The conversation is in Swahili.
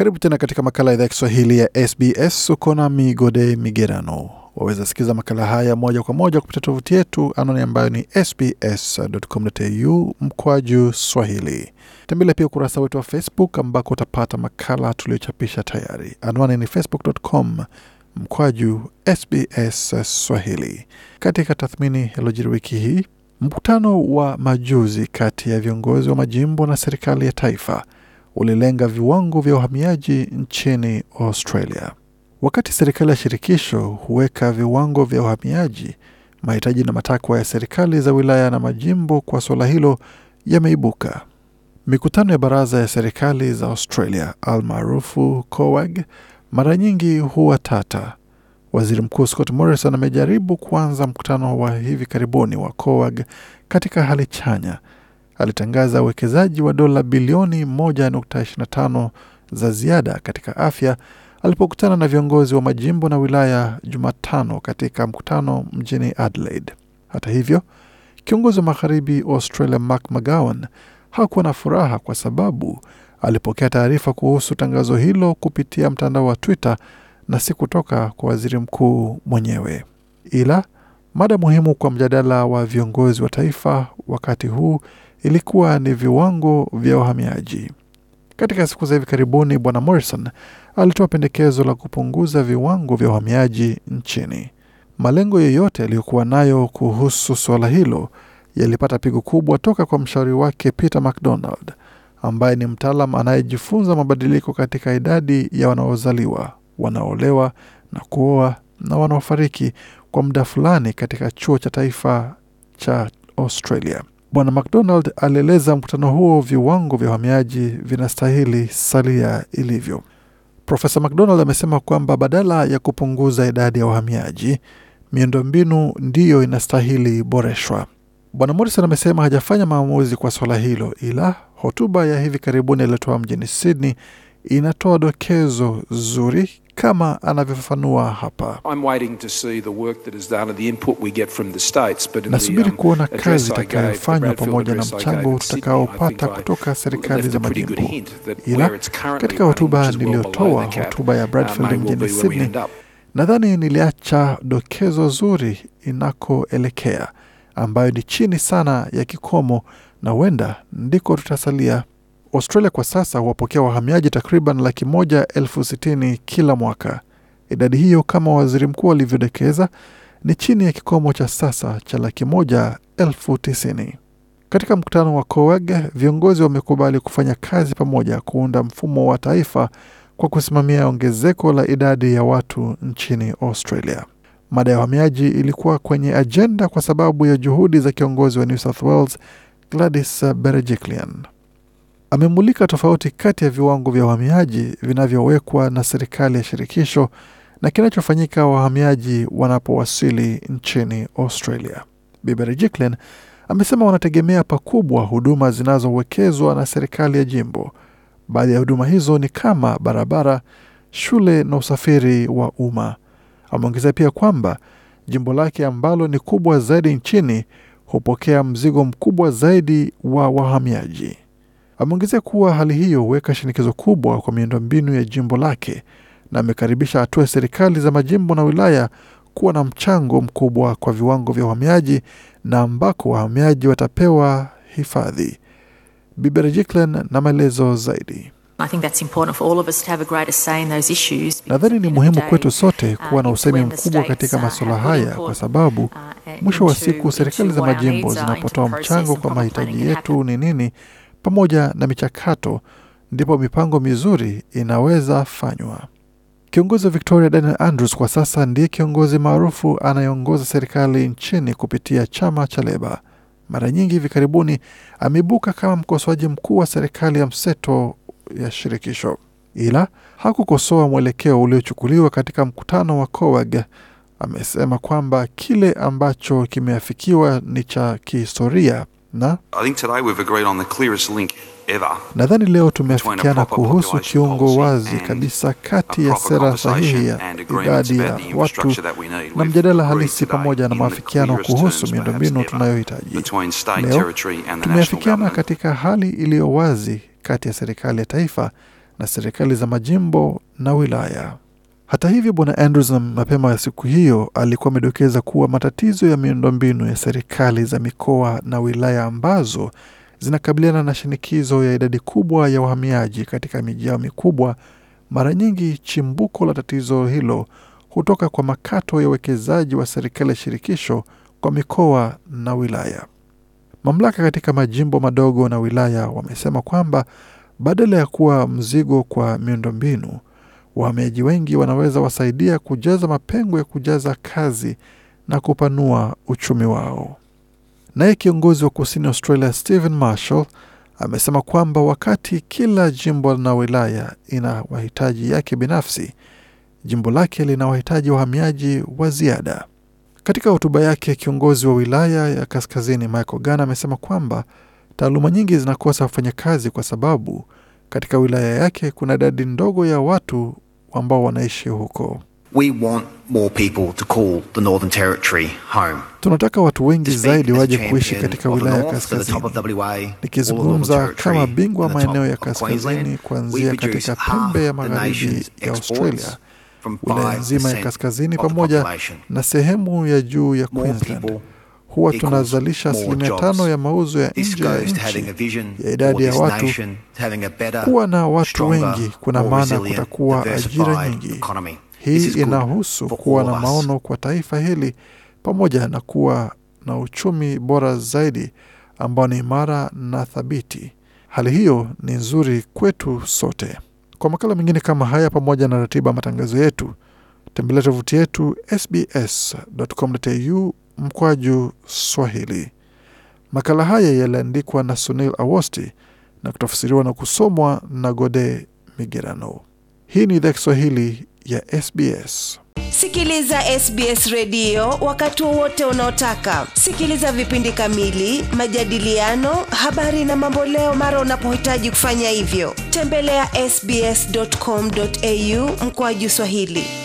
Karibu tena katika makala ya idhaa ya Kiswahili ya SBS. Uko na Migode Migerano. Waweza sikiza makala haya moja kwa moja kupitia tovuti yetu anwani ambayo ni sbs.com.au mkwaju swahili. Tembelea pia ukurasa wetu wa Facebook ambako utapata makala tuliochapisha tayari. Anwani ni facebook.com mkwaju SBS Swahili. Katika tathmini yaliyojiri wiki hii, mkutano wa majuzi kati ya viongozi wa majimbo na serikali ya taifa ulilenga viwango vya uhamiaji nchini Australia. Wakati serikali ya shirikisho huweka viwango vya uhamiaji, mahitaji na matakwa ya serikali za wilaya na majimbo kwa suala hilo yameibuka. Mikutano ya baraza ya serikali za Australia almaarufu COAG mara nyingi huwa tata. Waziri Mkuu Scott Morrison amejaribu kuanza mkutano wa hivi karibuni wa COAG katika hali chanya alitangaza uwekezaji wa dola bilioni 1.25 za ziada katika afya alipokutana na viongozi wa majimbo na wilaya Jumatano katika mkutano mjini Adelaide. Hata hivyo, kiongozi wa magharibi Australia Mark McGowan hakuwa na furaha kwa sababu alipokea taarifa kuhusu tangazo hilo kupitia mtandao wa Twitter na si kutoka kwa waziri mkuu mwenyewe. Ila mada muhimu kwa mjadala wa viongozi wa taifa wakati huu ilikuwa ni viwango vya uhamiaji. Katika siku za hivi karibuni, Bwana Morrison alitoa pendekezo la kupunguza viwango vya uhamiaji nchini. Malengo yoyote yaliyokuwa nayo kuhusu suala hilo yalipata pigo kubwa toka kwa mshauri wake Peter MacDonald, ambaye ni mtaalam anayejifunza mabadiliko katika idadi ya wanaozaliwa, wanaolewa na kuoa na wanaofariki kwa muda fulani katika chuo cha taifa cha Australia. Bwana McDonald alieleza mkutano huo viwango vya uhamiaji vinastahili salia ilivyo. Profesa McDonald amesema kwamba badala ya kupunguza idadi ya miundo miundombinu ndiyo inastahili boreshwa. Bwana Morrison amesema hajafanya maamuzi kwa suala hilo, ila hotuba ya hivi karibuni aliyotoa mjini Sydney inatoa dokezo zuri kama anavyofafanua hapa. Nasubiri um, kuona kazi itakayofanywa pamoja na mchango tutakaopata kutoka serikali za majimbo, ila katika hotuba niliyotoa, hotuba ya uh, Bradfield mjini Sydney, nadhani niliacha dokezo zuri inakoelekea, ambayo ni chini sana ya kikomo, na huenda ndiko tutasalia. Australia kwa sasa huwapokea wahamiaji takriban laki moja elfu sitini kila mwaka. Idadi hiyo kama waziri mkuu alivyodekeza ni chini ya kikomo cha sasa cha laki moja elfu tisini. Katika mkutano wa COAG viongozi wamekubali kufanya kazi pamoja kuunda mfumo wa taifa kwa kusimamia ongezeko la idadi ya watu nchini Australia. Mada ya uhamiaji ilikuwa kwenye ajenda kwa sababu ya juhudi za kiongozi wa New South Wales Gladys Berejiklian amemulika tofauti kati ya viwango vya uhamiaji vinavyowekwa na serikali ya shirikisho na kinachofanyika wahamiaji wanapowasili nchini Australia. Bibery Jiklin amesema wanategemea pakubwa huduma zinazowekezwa na serikali ya jimbo. Baadhi ya huduma hizo ni kama barabara, shule na usafiri wa umma. Ameongezea pia kwamba jimbo lake ambalo ni kubwa zaidi nchini hupokea mzigo mkubwa zaidi wa wahamiaji. Ameongezea kuwa hali hiyo huweka shinikizo kubwa kwa miundombinu ya jimbo lake na amekaribisha hatua ya serikali za majimbo na wilaya kuwa na mchango mkubwa kwa viwango vya uhamiaji na ambako wahamiaji watapewa hifadhi. Biberejiklen na maelezo zaidi. Nadhani ni muhimu kwetu sote uh, kuwa na usemi mkubwa katika masuala haya, kwa sababu uh, mwisho wa siku serikali za majimbo zinapotoa mchango kwa mahitaji yetu ni nini, pamoja na michakato, ndipo mipango mizuri inaweza fanywa. Kiongozi wa Victoria Daniel Andrews kwa sasa ndiye kiongozi maarufu anayeongoza serikali nchini kupitia chama cha Leba. Mara nyingi hivi karibuni ameibuka kama mkosoaji mkuu wa serikali ya mseto ya shirikisho, ila hakukosoa mwelekeo uliochukuliwa katika mkutano wa COWAG. Amesema kwamba kile ambacho kimeafikiwa ni cha kihistoria na nadhani leo tumeafikiana kuhusu kiungo wazi kabisa kati ya sera sahihi ya idadi ya watu na mjadala halisi, pamoja na maafikiano kuhusu miundombinu tunayohitaji. Leo tumeafikiana katika hali iliyo wazi kati ya serikali ya taifa na serikali za majimbo na wilaya. Hata hivyo, bwana Andrews mapema ya siku hiyo alikuwa amedokeza kuwa matatizo ya miundombinu ya serikali za mikoa na wilaya ambazo zinakabiliana na shinikizo ya idadi kubwa ya wahamiaji katika miji yao mikubwa, mara nyingi chimbuko la tatizo hilo hutoka kwa makato ya uwekezaji wa serikali ya shirikisho kwa mikoa na wilaya. Mamlaka katika majimbo madogo na wilaya wamesema kwamba badala ya kuwa mzigo kwa miundombinu Wahamiaji wengi wanaweza wasaidia kujaza mapengo ya kujaza kazi na kupanua uchumi wao. Naye kiongozi wa kusini Australia Stephen Marshall amesema kwamba wakati kila jimbo na wilaya ina wahitaji yake binafsi, jimbo lake lina wahitaji wahamiaji wa ziada. Katika hotuba yake, kiongozi wa wilaya ya kaskazini Michael Gunn amesema kwamba taaluma nyingi zinakosa wafanyakazi kwa sababu katika wilaya yake kuna idadi ndogo ya watu ambao wanaishi huko. We want more people to call the Northern Territory home. Tunataka watu wengi zaidi waje kuishi katika wilaya ya kaskazini. Nikizungumza kama bingwa maeneo ya kaskazini, kuanzia katika pembe ya magharibi ya Australia, wilaya nzima ya kaskazini pamoja na sehemu ya juu ya Queensland huwa tunazalisha asilimia tano ya mauzo ya nje ya nchi ya idadi ya watu. Kuwa na watu wengi kuna maana kutakuwa ajira nyingi Hii inahusu kuwa na maono kwa taifa hili pamoja na kuwa na uchumi bora zaidi ambao ni imara na thabiti. Hali hiyo ni nzuri kwetu sote. Kwa makala mengine kama haya pamoja na ratiba matangazo yetu, tembelea tovuti yetu sbs.com.au mkwaju Swahili. Makala haya yaliandikwa na Sunil Awosti na kutafsiriwa na kusomwa na Gode Migerano. Hii ni idhaa Kiswahili ya SBS. Sikiliza SBS redio wakati wowote unaotaka. Sikiliza vipindi kamili, majadiliano, habari na mamboleo mara unapohitaji kufanya hivyo. Tembelea ya sbs.com.au mkoaju Swahili.